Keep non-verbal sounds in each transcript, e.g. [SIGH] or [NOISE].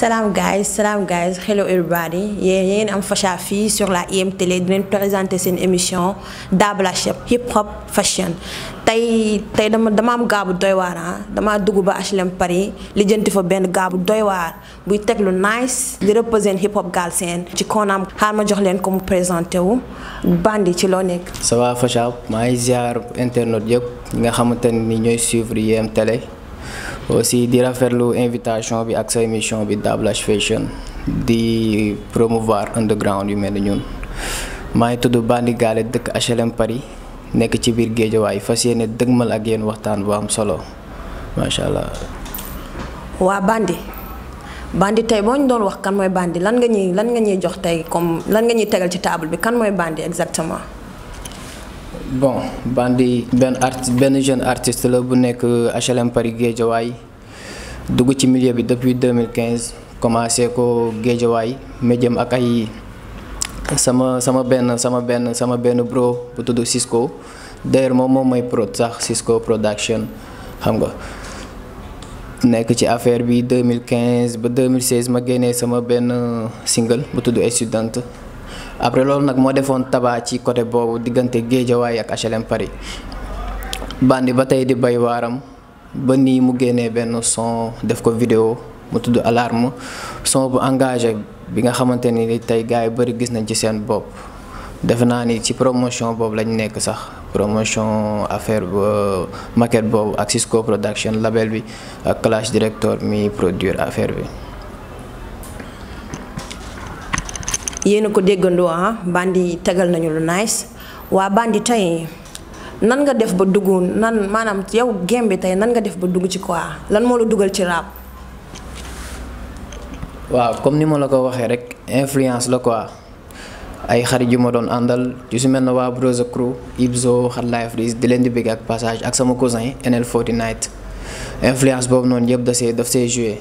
salaam guys salaam guys hello everybody yéen yéen am Facha fii sur la IM di leen présenté seen émission Double H hip hop fashion tey tey dama dama am gaabu doy waar ah damaa dugg ba HLM Paris lijjanti fa benn gaabu doy waar buy teg lu nice di représente hip hop galsen ci koonam xaar ma jox leen ko présenté wu bandi ci loo nekk. ça va Facha maa internet yëpp ñi nga xamante ni ñooy suivre IM aussi di rafetlu invitation bi ak sa émission bi Dablash Fashion di promouvoir underground yu mel ni ñun maa ngi tudd Bandi Gale dëkk HLM Paris nekk ci biir Géejawaay fas yéene dëgmal ak yéen waxtaan bu am solo macha allah. waa Bandi Bandi tey boo ñu doon wax kan mooy Bandi lan nga ñuy lan nga ñuy jox tey comme lan nga ñuy tegal ci table bi kan mooy Bandi exactement. bon Bandi benn artiste benn jeune artiste la bu nekk HLM Paris Guédiawaye dugg ci milieu bi depuis 2015 commencé ko Guédiawaye ma jëm ak ay sama sama benn sama benn sama benn bro bu tudd Cisco d'ailleurs moom moom mooy prod sax Cisco production xam nga nekk ci affaire bi 2015 ba 2016 ma génnee sama benn single bu tudd Étudiante après loolu nag moo defoon taba ci côté boobu diggante Géejawaay ak HLM Paris bandi ba tey di bay waaram ba nii mu génnee benn son def ko vidéo mu tudd alarme son bu engage bi nga xamante ni tey gars yi bëri gis nañ ci seen bopp defe naa ni ci promotion boobu lañ nekk sax promotion affaire ba maquette boobu ak Cisco production label bi ak Clash directeur mii produire affaire bi yéen a ko déggandoo ah bandi tegal nañu lu nice waa bandi tey nan nga def ba dugg nan maanaam yow game bi tey nan nga def ba dugg ci quoi lan moo la dugal ci rap. waaw comme ni ma la ko waxee rek influence la quoi ay xarit yu ma doon àndal yu si mel ne waa Broza Crew Ibzo Xat Life Riz di leen di bëgg ak passage ak sama cousin NL49 influence boobu noonu yëpp da see daf see joué.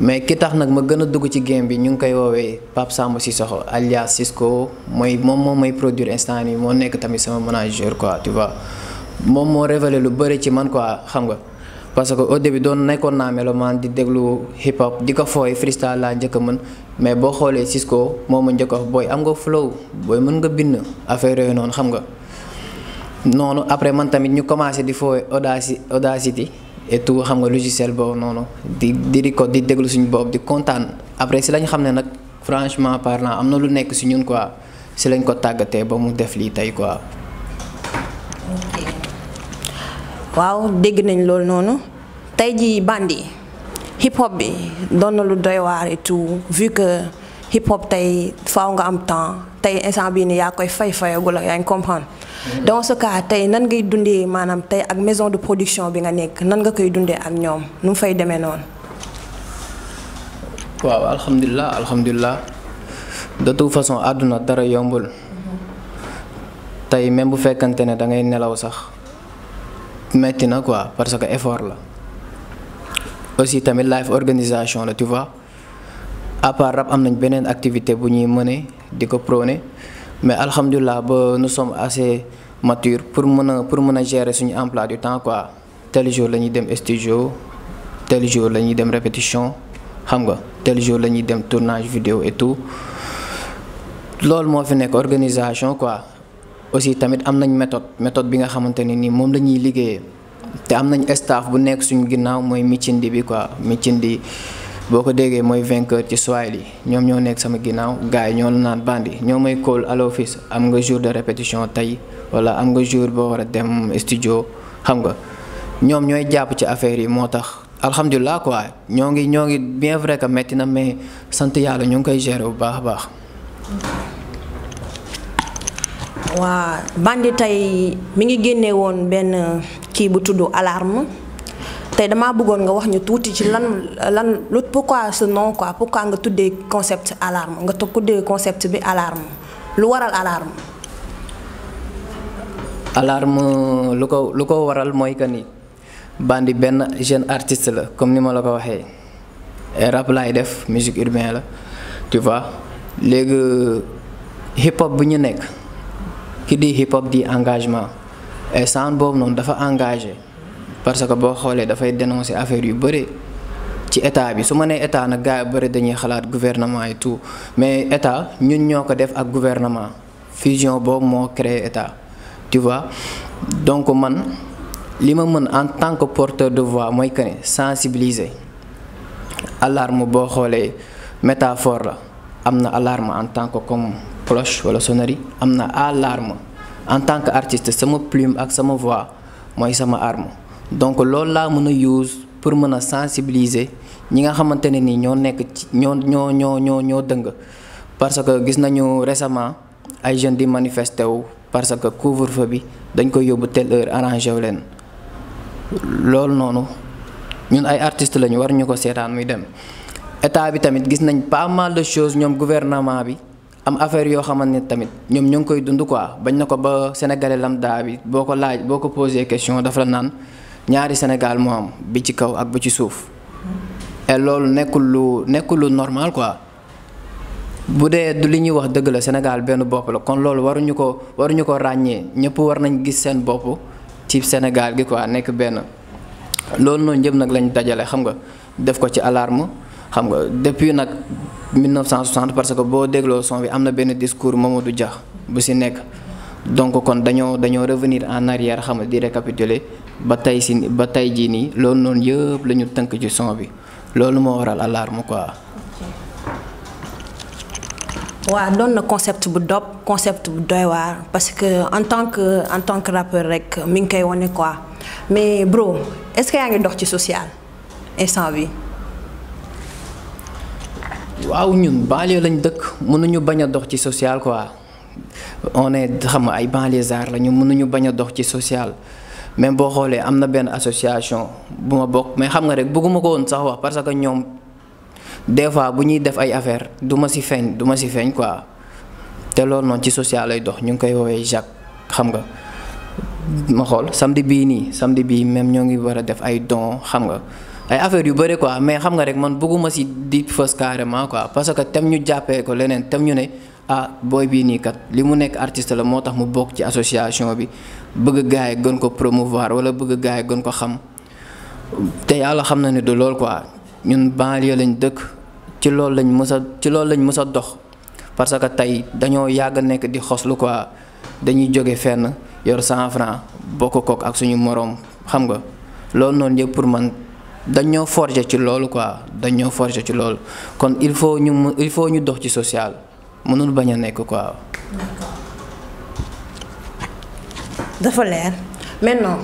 mais ki tax nag ma gën a dugg ci game bi ñu ngi koy woowee Pape si Cissokho alias Cisco mooy moom moom may produire instant yi moo nekk tamit sama manager quoi tu vois moom moo révélé lu bëri ci man ko xam nga parce que au début nekkoon naa mélomane di déglu hip di ko fooy freestyle laa njëkk a mën mais boo xoolee Cisco moo ma njëkk booy am nga booy mën nga bind affaire yooyu noonu xam nga noonu après man tamit ñu commencé di fooy Audacity Audacity et tout xam nga logiciel boobu noonu di di di déglu suñu bopp di kontaan après si lañ xam ne nag franchement parlant am na lu nekk si ñun quoi si lañ ko tàggatee ba mu def lii tey quoi. waaw dégg nañ loolu noonu tey jii bandi hip hop bi doon na lu doy waar et tout vu que hip hop tey faw nga am temps tey instant bii nii yaa koy fay fayagul ak yaa ngi comprendre. dans ce tey nan ngay dundee maanaam tey ak maison de production bi nga nekk nan nga koy dundee ak ñoom nu mu fay demee noonu. waaw alxamdulilah alhamdulilah de façon àdduna dara yombul. tey même bu fekkante ne da ngay nelaw sax metti na quoi parce que effort la aussi tamit live organisation la tu vois à part rap am nañ beneen activité bu ñuy mëne di ko prôné. mais alhamdulillah, ba nous sommes assez matures pour pour mën a gérer suñu emploi du temps quoi tel jour la ñuy dem studio tel jour la ñuy dem répétition xam nga tel jour la ñuy dem tournage vidéo et tout loolu moo fi nekk organisation quoi aussi tamit am nañ méthode méthode bi nga xamanteni ni mom lañuy ñuy té te staff bu nek suñu ginnaw moy mitchindi bi quoi mitchindi boo ko déggee mooy vainqueur ci Swahili yi ñoom ñoo nekk sama ginnaaw gars ñoo la naan bandi ñoo moy call à l'office am nga jour de répétition tey wala am nga jour boo war a dem studio xam nga ñoom ñooy jàpp ci affaire yi moo tax alhamdulilah quoi ñoo ngi ñoo ngi bien vrai que métti na mais sant yàlla ñu ngi koy gérer bu baax a baax. waa bandi tey mi ngi génne woon benn kii bu tudd alarme. tey dama bëggoon nga wax ñu tuuti ci lan lan lu pourquoi ce nom quoi pourquoi nga tuddee concept alarme nga tuddee concept bi alarme lu waral alarme. alarme lu ko lu ko waral moy que ni Bandi ben jeune artiste la comme ni ma la ko waxee rap lay def musique urbaine la tu vois léegi hip hop bu ñu nekk ki di hip hop di engagement et saan bob non dafa engagé parce que xolé da fay dénoncer affaire yu bëri ci état bi suma né état nak gaay yu dañuy xalaat gouvernement et tout mais état ñun ñoko def ak gouvernement fusion bo mo créé état tu vois donc man lima ma mën en tant que porteur de voix moy que sensibiliser alarme bo xolé métaphore la amna alarme en tant que comme cloche wala sonnerie amna alarme en tant qu'artiste, sama plume ak sama voix moy sama arme donc loolu laa mën a use pour mën a sensibiliser ñi nga xamante ne ni ñoo nekk ci ñoo ñoo ñoo ñoo ñoo dëng parce que gis nañu récemment ay jeunes di manifester wu parce que couvre-feu bi dañ koy yóbbu telle heure arrangé wu leen loolu noonu ñun ay artistes lañu war ñu ko seetaan muy dem état bi tamit gis nañ pas mal de choses ñoom gouvernement bi am affaire yoo xamante ne tamit ñoom ñu ngi koy dund quoi bañ na ko ba sénégalais lambda bi boo ko laaj boo ko posé question dafa la naan. ñaari Sénégal moo bi ci kaw ak bi ci suuf et loolu nekkul lu nekkul lu normal quoi bu dee du li ñuy wax dëgg la Sénégal benn bopp la kon loolu waruñu ko waruñu ko ràññee ñëpp war nañ gis seen bopp ci Sénégal gi quoi nekk benn loolu noonu yëpp nag lañ dajale xam nga def ko ci alarme xam nga depuis nag 1960 parce que boo dégloo son bi am na benn moom discours du Dia bu si nekk. donc kon dañoo dañoo revenir en arrière xam di récapituler ba tey si ba tey jii nii loolu noonu yëpp ci son bi loolu mo waral alarme quoi. Wa donne concept bu dop concept bu doy parce que en tant que en tant que rappeur rek mi ngi koy quoi mais bro est-ce que ya ngi dox ci social instant bi waaw ñun banlieue lañ dëkk mënuñu bañ a dox ci social quoi. on est xam nga ay banlieusards la ñu mënuñu bañ a dox ci social même boo xoolee am na benn association bu ma bokk mais xam nga rek bëgguma ko woon sax wax parce que ñoom des fois bu ñuy def ay affaire du ma si feeñ du ma si feeñ quoi te loolu noonu ci social lay dox ñu ngi koy woowee Jacques xam nga ma xool samedi bii nii samedi bii même ñoo ngi war a def ay don xam nga ay affaire yu bëri quoi mais xam nga rek man bëgguma si di fës carrément quoi parce que tem ñu jàppee ko leneen tam ñu ne ah booy bii nii kat li mu nekk artiste la moo tax mu bokk ci association bi bëgg gaay gën ko promovoir wala bëgg gaay gën ko xam te yàlla xam na ne du lool quoi ñun banlieue lañ dëkk ci loolu lañ mës a ci loolu lañ mës a dox parce que tey dañoo yàgg nekk di xoslu quoi dañuy jóge fenn yor cent franc bokk kook ak suñu moroom xam nga loolu noonu yëpp pour man dañoo forger ci loolu quoi dañoo forger ci loolu kon il faut ñu il faut ñu dox ci social. mënul bañ a nekk quoi. dafa leer maintenant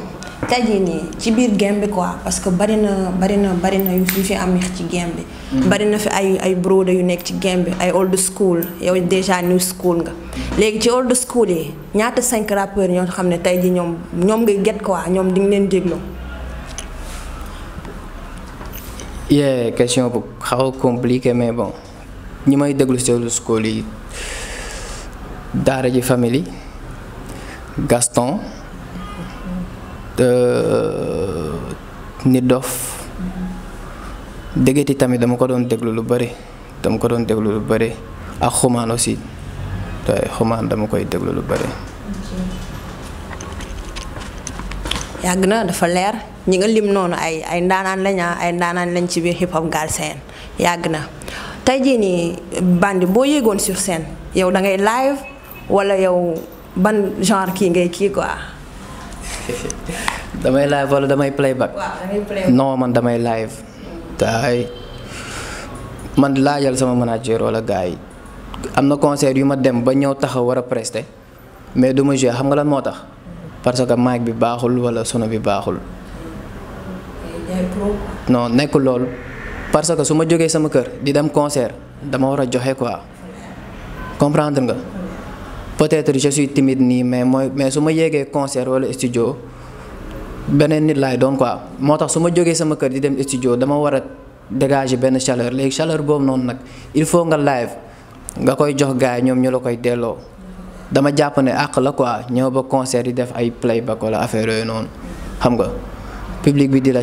tey jii nii ci biir game bi quoi parce que bari na bari na bari na yu fi am ci game bi. Mm. bari na fi ay ay broda yu nekk ci game ay old school yow déjà new school nga. léegi ci old school yi ñaata cinq rappeurs ñoo xam ne tey jii ñoom ñoom ngay get quoi ñoom di nga leen jégloo yeah question bu xaw a compliqué mais bon. ñi may déglu seen school yi daara ji family gaston de euh, nidof degeti tamit dama ko don déglu lu bari dama ko don déglu lu bari ak xumaan aussi tay xumaan dama koy déglu lu bari yagna dafa leer ñi lim nonu ay ay ndanan lañ ay ndanan lañ ci bir hip hop garsen yagna tey jii nii bandi boo yéegoon sur scène yow da ngay live wala yow ban genre kii ngay kii quoi. [LAUGHS] damay live wala damay playback. non man damay live. tay man laajal sama manager wala gars yi am na concert yu ma dem ba ñëw taxaw war a prester mais du ma joué xam nga lan moo tax. parce que mic bi baaxul wala sono bi baaxul. non nekkul loolu. parce que su ma jógee sama kër di dem concert dama war a joxe quoi comprendre nga peut-être je suis timide nii mais mooy mais su ma yéegee concert wala studio beneen nit laay doon quoi moo tax su ma jógee sama kër di dem studio dama war a dégager benn chaleur léegi chaleur boobu noonu nag il faut nga live nga koy jox gars ñoom ñu la koy delloo dama jàpp ne àq la quoi ñëw ba concert di def ay playback wala affaire yooyu noonu xam nga public bi di la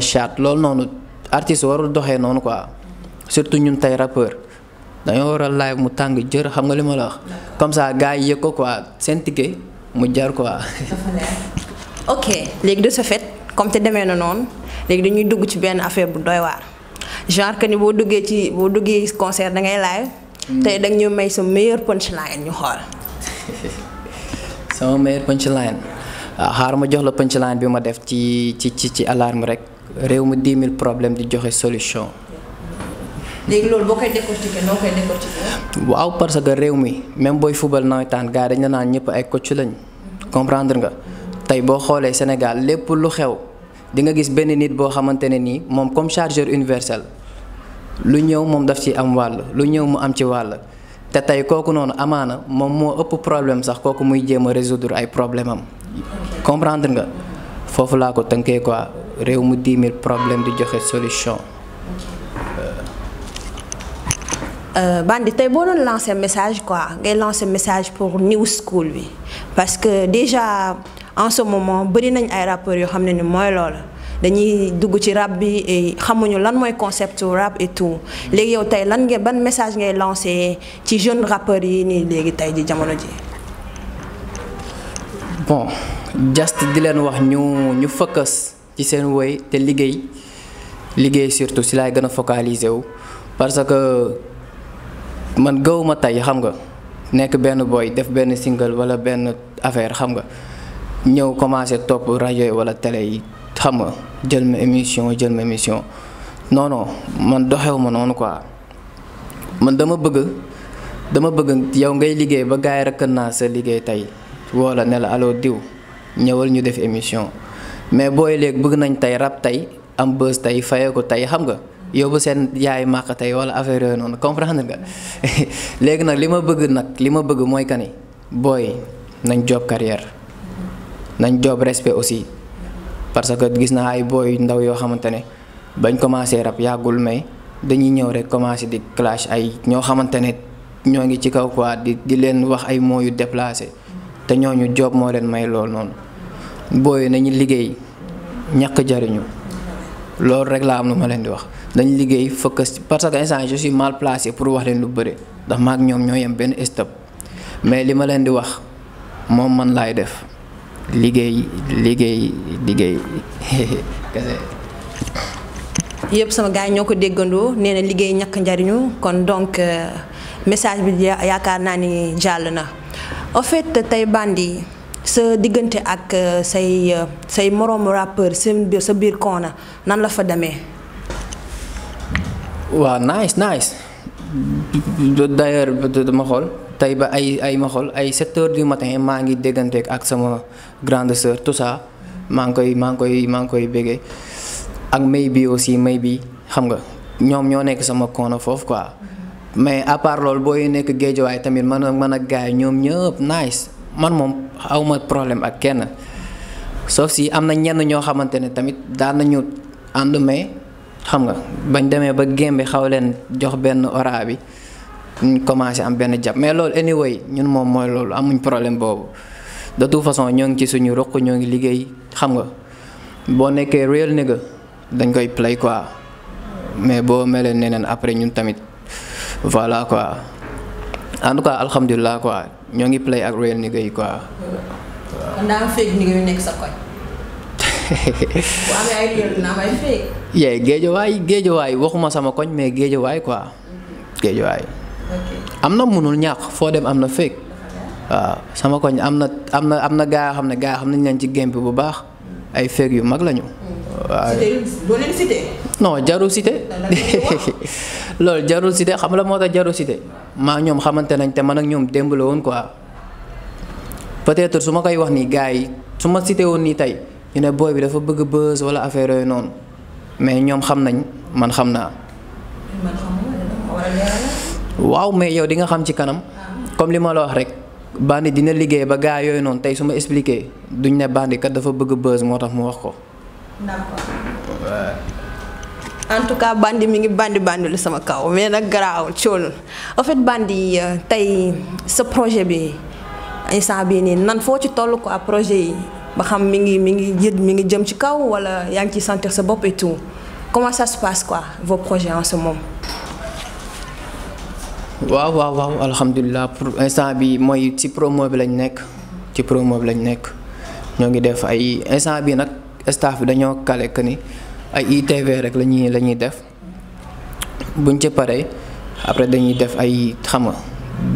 artiste warul doxee noonu quoi surtout ñun tey rappeur dañoo war a live mu tàng jër xam nga li ma la wax comme ça gars yi yëg ko quoi seen ticket mu jar quoi. [LAUGHS] ok léegi de ce fait comme te demee na noonu léegi dañuy dugg ci benn affaire bu doy waar genre que ni boo duggee ci boo duggee concert da ngay live. Hmm. tey da ñu may sa meilleur punchline ñu xool. [LAUGHS] sama meilleur punchline waaw ah, xaar ma jox la punchline bi ma def ci ci ci ci alarme rek. réew mu 10 000 problèmes di joxe solution. léegi loolu waaw parce que réew mi même booy fubal nawetaan gars dañ la naan ñëpp ay coach lañ. comprendre nga tey boo xoolee Sénégal lépp lu xew di nga gis benn nit boo xamante ne nii moom comme chargeur universel lu ñëw moom daf ci am wàll lu ñëw mu am ci wàll. te tey kooku noonu amaana moom moo ëpp problème sax kooku muy jéem a résoudre ay problème am comprendre nga foofu laa ko tënkee quoi. réew mu problème di joxe solution. Euh, Bandi tey bon doon lancer message quoi ngay lancer message pour new school oui. parce que déjà en ce moment bari nañ ay rappeur yo xamné ni moy loolu dañuy dugg ci rap bi et xamuñu lan moy concept rap et tout léegi yow tey lan nga ban message ngay lancer ci jeunes rappeurs yi ni légui tay di jamono ji. bon just di len wax ñu ñu focus. ci seen woy te liggéey liggéey surtout si laay gën a focaliser wu parce que man gawuma tey xam nga nekk benn boy def benn single wala benn affaire xam nga ñëw commencé topp rajo yi wala télé yi xam nga jël ma émission jël ma émission non man doxewu ma noonu quoi man dama bëgg dama bëgg yow ngay liggéey ba gars yi rekk naa sa liggéey tey woo la ne la diw ñëwal ñu def émission mais booy léegi bëgg nañ tey rab tey am bës tey ko tey xam nga yóbbu seen yaay màq tey wala affaire yooyu noonu comprendre nga [LAUGHS] léegi nag li ma bëgg nag li ma bëgg mooy que ni booy nañ job carrière nañ job respect aussi parce que gis naa ay booy ndaw yoo xamante ne bañ commencé rab yàggul may dañuy ñëw rek commencé di clash ay ñoo xamante ne ñoo ngi ci kaw quoi di di leen wax ay mots yu déplacé te ñooñu job moo leen may lool noonu. booy nañu liggéey ñàkk jariñu loolu rek laa am lu ma leen di wax dañ liggéey focus parce que instant je suis mal placé pour wax leen lu bëri ndax maak ñoom ñoo yem benn step mais li ma leen di wax moom man laay def liggéey liggéey liggéey [LAUGHS] yëpp sama gars ñoo ko déggandoo nee na liggéey ñàkk njariñu kon donc euh, message bi yaakaar naa ni jàll na en tey bandi sa diggante ak euh, say euh, say morom rappeur seen sa biir koona nan la fa demee. waaw nice nice d'ailleurs dama xool tey ba ay ay ma xool ay 7 heures du matin maa ngi dégganteek ak sama grande sœur Toussa maa ngi koy maa ngi koy maa ngi koy béggee ak may bi aussi may bi xam nga ñoom ñoo nekk sama koona foofu quoi mais à loolu booy nekk géejawaay tamit man ak man ak gars ñoom ñëpp nice man moom. awma problème ak kenn sauf si am na ñenn ñoo xamante ne tamit daan nañu ànd mais xam nga bañ demee ba gémbi xaw leen jox benn ora bi ñu commencé am benn jàpp mais loolu anyway ñun moom mooy loolu amuñ problème boobu de toute façon ñoo ngi ci suñu ruq ñoo ngi liggéey xam nga boo nekkee real nigga dañ koy play quoi mais boo melee neneen après ñun tamit voilà quoi. en tout cas alhamdulilah quoi ñoo ngi play ak Royal Nigga yi quoi. kon daa am fake nigga yu nekk koñ. [LAUGHS] bu amee ay real dina am géejawaay waxuma sama koñ mais géejawaay quoi. géejawaay. am na mënul ñàkk foo dem am na fake. waaw sama koñ am na am na am na gaa yoo xam ne gaa yoo xam nañ leen ci game bu baax ay fake yu mag lañu. Mm. waaw cité boo leen cité. non jarul cité [LAUGHS] loolu jarul cité xam la moo tax jarul cité maa ñoom xamante nañ te man ak ñoom démb la woon quoi peut-être su ma koy wax nii gars yi su ma cité woon nii tey ñu ne booy bi dafa bëgg buzz wala affaire yooyu noonu mais ñoom xam nañ man xam naa. waaw mais yow di nga xam ci kanam. comme li ma la wax rek. bandi dina liggéey ba gars yooyu noonu tey su ma expliqué duñ ne bandi kat dafa bëgg buzz moo tax mu wax ko. en tout cas bandi mi ngi bandi bandi sama kaw mais nag garaawul coolul en fait bandi euh, tey sa projet bi instant bi nii nan foo ci toll quoi projet yi ba xam mi ngi mi ngi yëg mi ngi jëm ci kaw wala yaa ngi ciy sentir sa bopp et tout comment ça se passe quoi vos projets en ce moment. waaw waaw waaw alhamdulilah pour instant bi mooy ci promo bi lañ nekk ci promo bi lañ nekk ñoo ngi def ay instant bi nag staff bi dañoo kale ni. ay ITV rek la ñuy def buñ ci paree après dañuy def ay xama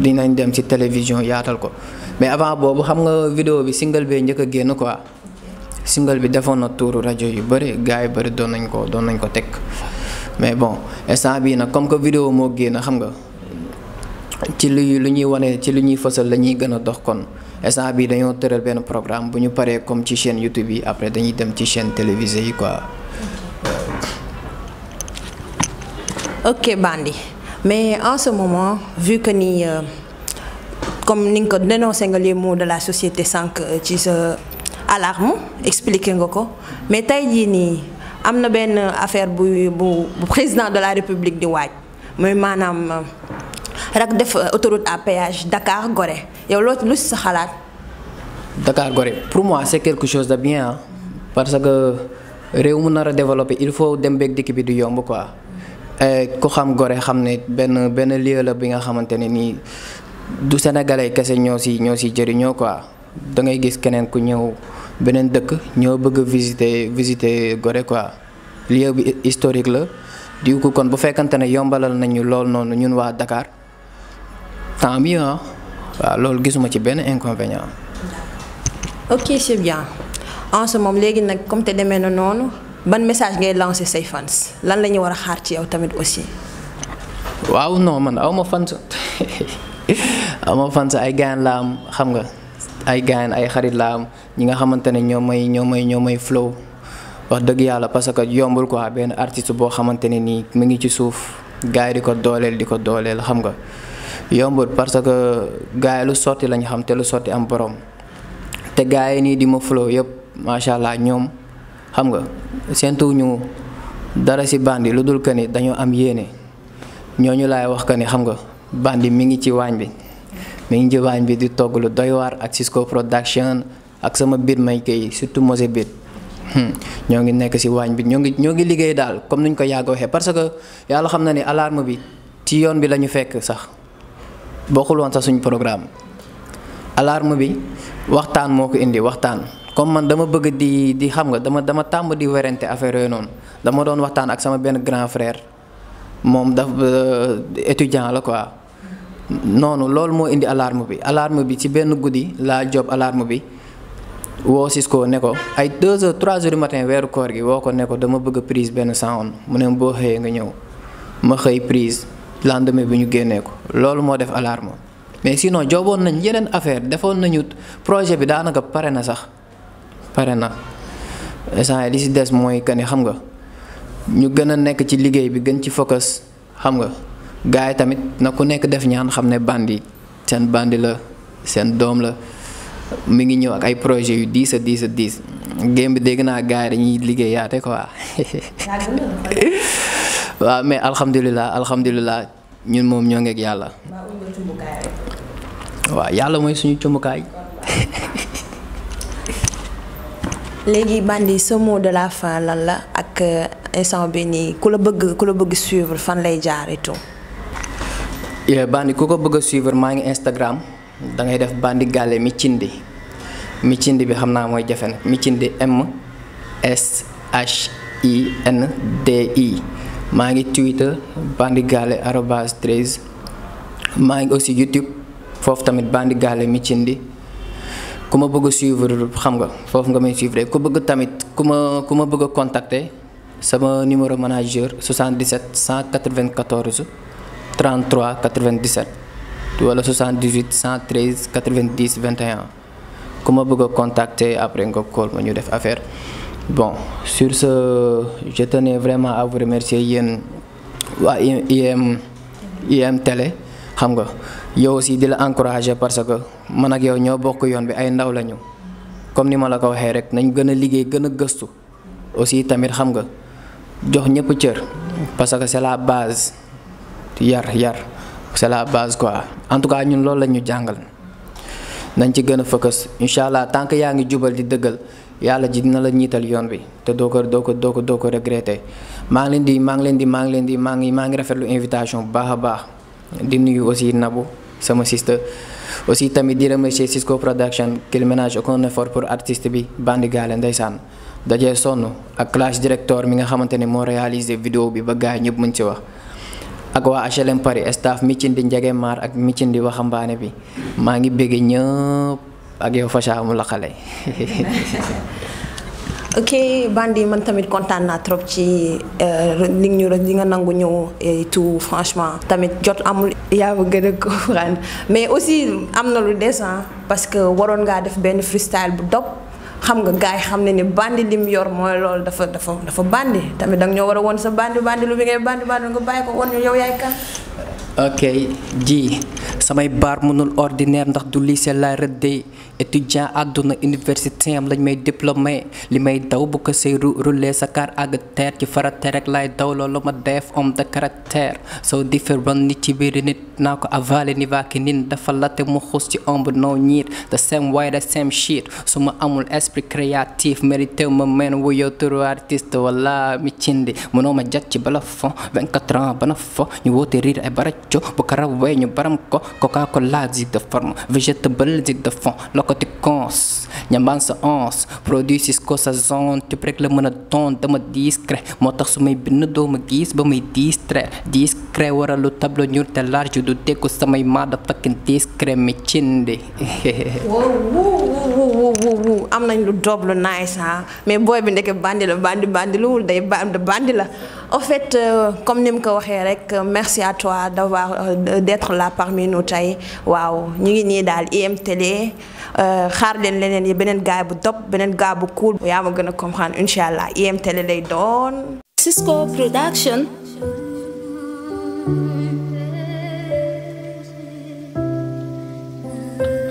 dinañ dem ci télévision yaatal ko mais avant boobu xam nga vidéo bi single bee njëkk a génn quoi single bi defoon na tuuru rajo yu bëri gars yi bëri doon nañ ko doon nañ ko teg mais bon instant bii nag comme que video moo génn xam nga ci lu lu ñuy wane ci lu ñuy fësal la ñuy gën a dox kon instant bii dañoo tëral benn programme bu ñu paree comme ci chaîne YouTube yi après dañuy dem ci chaîne télévisée yi quoi. ok Bandi mais en ce moment vu que ni euh, comme ni les mots de la société sans tu euh, sa alarme expliquez nous mais mais as dit nii am na affaire bu le président de la république du waaj Nous maanaam euh, rak def autoroute à péage Dakar Gorée yow l'autre, lu si sa Dakar Gorée pour moi c'est quelque chose de bien hein. parce que réew a développer il faut dem beeg dikk bi du Eh, ku xam Gorée xam ne benn benn lieu la bi nga xamante ne nii du sénégalais kese ñoo si ñoo si jëriñoo quoi da ngay gis keneen ku ñëw beneen dëkk ñoo bëgg a visiter gore Gorée quoi lieu bi historique la di ko kon bu fekkante ne yombalal nañu lool noonu ñun waa Dakar tant mieux ah. waa loolu gisuma ci benn inconvénient. ok c'est bien en ce léegi nag comme te demee na noonu. ban message ngay lancer say fans lan lañu wara xaar ci yow tamit aussi waaw non man awma fans [LAUGHS] awma fans ay gaan la am xam nga ay gaan ay xarit la am ñi nga xamantene ñomay ñomay ñomay flow wax deug yalla parce que yombul quoi ben artiste bo xamantene ni mi ngi ci souf gaay diko dolel diko dolel xam nga yombul parce que gaay lu sorti lañ xam te lu sorti am borom te gaay ni di ma flow yeb machallah ñom xam nga séentuwuñu dara si yi lu dul que ni dañoo am yéene ñoo ñu laay wax que ni xam nga band yi mi ngi ci waañ bi mi ngi ci waañ bi di togg lu doy waar ak Cisco production ak sama biir may kay surtout Mose biir hmm. ñoo ngi nekk si waañ bi ñoo ngi ñoo ngi liggéey daal comme nuñ ko yàgg waxee parce que yàlla xam na ni alarme bi ci yoon bi lañu fekk sax bokkul woon sax suñu programme alarme bi waxtaan moo ko indi waxtaan. comme man dama bëgg di di xam nga dama dama tambu di werante affaire yo non dama doon waxtaan ak sama ben grand frère mom daf euh, étudiant la quoi non lool mo indi alarme bi alarme bi ci ben goudi la job alarme bi wo sisko ne ko ay 2 h 3 h du matin wéru koor gi wo ko ne ko dama bëgg prise ben sound mu ne bo xey nga ñew ma xey prise lendemain bi ñu génnee ko lool mo def alarme mais sinon jobon nañ yenen affaire defon nañu projet bi naka pare na sax pare na instant li si des mooy que ni xam nga ñu gën a nekk ci liggéey bi gën ci focus xam nga gars yi tamit na ku nekk def ñaan xam ne bandi seen bandi la seen doom la mu ngi ñëw ak ay projets yu diis a diis a diis game bi dégg naa gars yi dañuy liggéeyaate quoi. [LAUGHS] waaw mais alhamdulilah alhamdulilah ñun moom ñoo ngeeg yàlla. waaw yàlla mooy suñu cumbukaay. [LAUGHS] Légui bandi ce mot de la fin lan la ak euh, instant ils bëgg suivre fan lay jaar et tout. Eh, bandi ko suivre Instagram da ngay def bandi galé mi cindi mi cindi bi M S H I N D I Twitter bandi galé 13 Ma aussi YouTube foofu tamit mi cindi. Comment vous bëgg suivre xam nga suivre Comment bëgg tamit contacter numéro manager 77 194 33 97 wala 78 113 90 21. Comment vous bëgg me contacter après nga call ma ñu affaire bon sur ce je tenais vraiment à vous remercier IM télé xam yow aussi di la encourager parce que man ak yow ñoo bokk yoon bi ay ndaw lañu comme ni ma la ko waxee rek nañ gën a liggéey gën a gëstu aussi tamit xam nga jox ñëpp cër parce que c'est la base yar yar c'est la base quoi en tout cas ñun loolu la ñu jàngal nañ ci gën a focus incha allah tant yaa ngi jubal di dëggal yàlla ji dina la ñiital yoon bi te doo ko doo ko doo ko doo ko regretter maa ngi leen di maa ngi leen di maa ngi leen di maa ngi maa ngi rafetlu invitation bu baax a baax di nuyu aussi Nabou sama sista aussi tamit di remercier Cisco Production qu'il ménage aucun effort pour artiste bi Bandi Gaale ndeysaan dajee sonn ak clash directeur mi nga xamante ne moo réaliser vidéo bi ba gars yi ñëpp mën ci wax ak waa HLM Paris staff micin di njege maar ak micin di waxambaane bi maa ngi bëgg ñëpp ak yow Facha mu la xale [LAUGHS] ok Bandi man tamit kontaan naa trop ci euh, li ñu li nga nangu ñëw et tout franchement tamit jot amul yaa ma gën a comprendre mais aussi am na lu des parce que waroon ngaa def benn freestyle bu dog xam nga gars yi xam ne ni bandi lim yor mooy lool dafa dafa dafa bandi tamit danga ñoo war a woon sa bandi bandi lu bi ngay bandi bandi nga bàyyi ko woon yow yaay kan Okay, ji samay bar mënul ordinaire ndax du lycée laay rëddee étudiant àdduna université am lañ may diplômé limay daw bu ko say roulé sa kaar àgg teer ci farate rek laay daw loolu ma def homme de caractère so différent ni ci biir nit naa avalé ni vaaki nin dafa latte mu xuus ci ombre no ñiit the same way the same shit so ma amul esprit créatif mérité ma men wu yow turu artiste wala mi chindi mënoo ma jat ci bala fond 24 ans bana fo ñu ay barat ñu baram ko coca cola zik de forme végétable de fond lokoti cons ñambaan sa ons produit Cisco sa zone tu rek la mën a doon dama discret moo tax su may bind doo ma gis ba may distrait discret waralu tableau ñuul te large du déggu samay maa da fucking discret mi cindi [LAUGHS] am nañ lu doble nice ah, mais booy bi ndeke bandi la bandi bandi luwul day bandi la En fait, euh, comme nous euh, l'avons merci à toi d'avoir euh, d'être là parmi nous. Wow, nous sommes dans l'IM Télé. Euh, Xaar leen leneen yi beneen gaay bu top beneen gaay bu cool. yaa ma gën comprendre incha IM Télé lay donne. Cisco Production.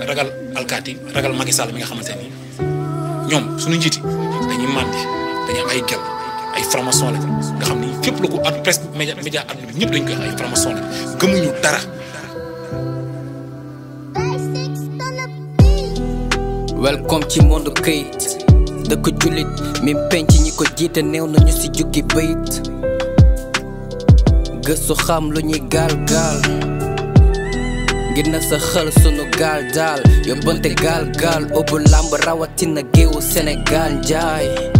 ragal alkaati ragal Macky Sall mi nga xamante ni ñoom suñu njiiti dañuy màndi dañuy am ay gel ay ko welcome ci monde këyit dëkk jullit mi penc ñi ko jiite néew nañu ci jukki bayit gëstu xam lu ñuy gaal gaal ngir na sa xel sunu gaal daal yóbbante gaal gaal ubbu làmb rawatina géewu Sénégal njaay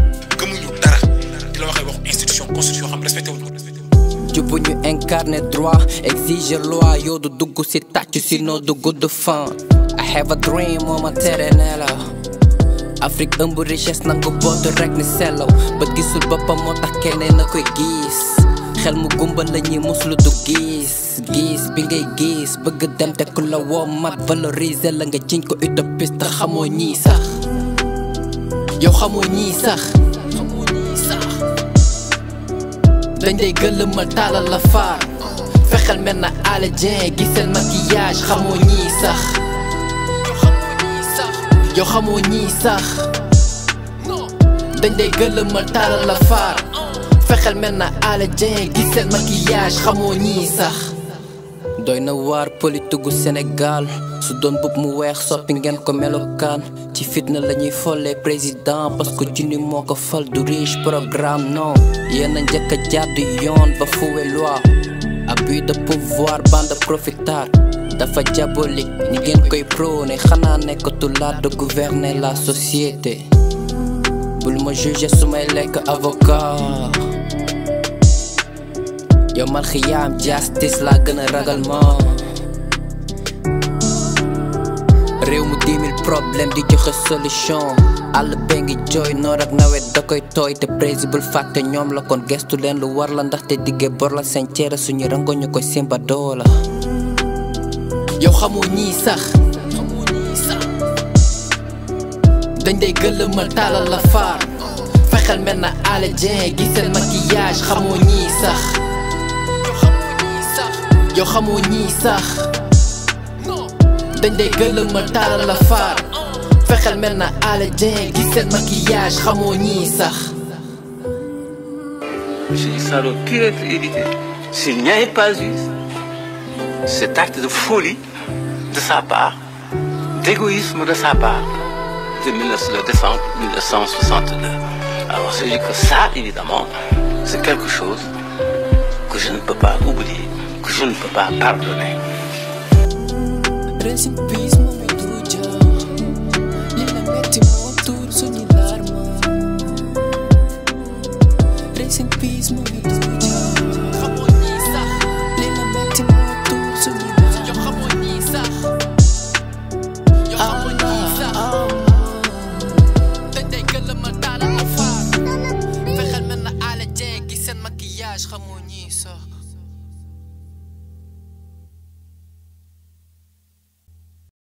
constitution xam respecté wuñ ko ñu incarné droit exige loi yow du dugg si tàcc si noo du gudd fan I have a dream moo ma tere ne la Afrique ëmb richesse nangu bootu rek ni sellaw bët gisul boppam moo tax keneen na koy gis xel mu gumba la ñuy muslu du gis gis bi ngay gis bëgg dem te ku la woo mat valoriser la nga jiñ ko utopiste xamoo ñii sax yow xamoo ñii sax dañ day gëlëmal taalal la faar fexeel mel na Alla Dieng giseel maquillage xamoo ñii sax yow xamoo ñii sax dañ day gëlëmal taalal la faar fexeel mel na Alla Dieng giseel maquillage xamoo sax doy na waar pëli Sénégal su doon mouer mu weex soppi ngeen ko melokaan ci fitna la ñuy follee président parce que junni moo ko fal du riche programme non yéen a njëkk a jàdd yoon ba fuwe loi abus de pouvoir bande profitard dafa diabolique ni ngeen koy prôné xanaa nekkatu la de gouverner la société bul ma juger su may lekk avocat yow mal xiyaam justice là gën a ragal ma réew mu dix mille problème di joxe solution àll bee jooy noor ak nawet da koy tooy te président fàtte ñoom la kon gestu leen lu war la ndaxte diggee bor la seen ceere suñu rango ñu koy simba doola yow xamoo ñii sax dañ day gëlëmal taalal la faar fexeel mel na Alla Dieng gi seen xamoo ñii sax Je dis maquillage ça aurait pu être s'il n'y avait pas eu cet acte de folie de sa part, d'égoïsme de sa part, de décembre 1962. Alors je dis que ça, évidemment, c'est quelque chose que je ne peux pas oublier, que je ne peux pas pardonner. principismo fiducia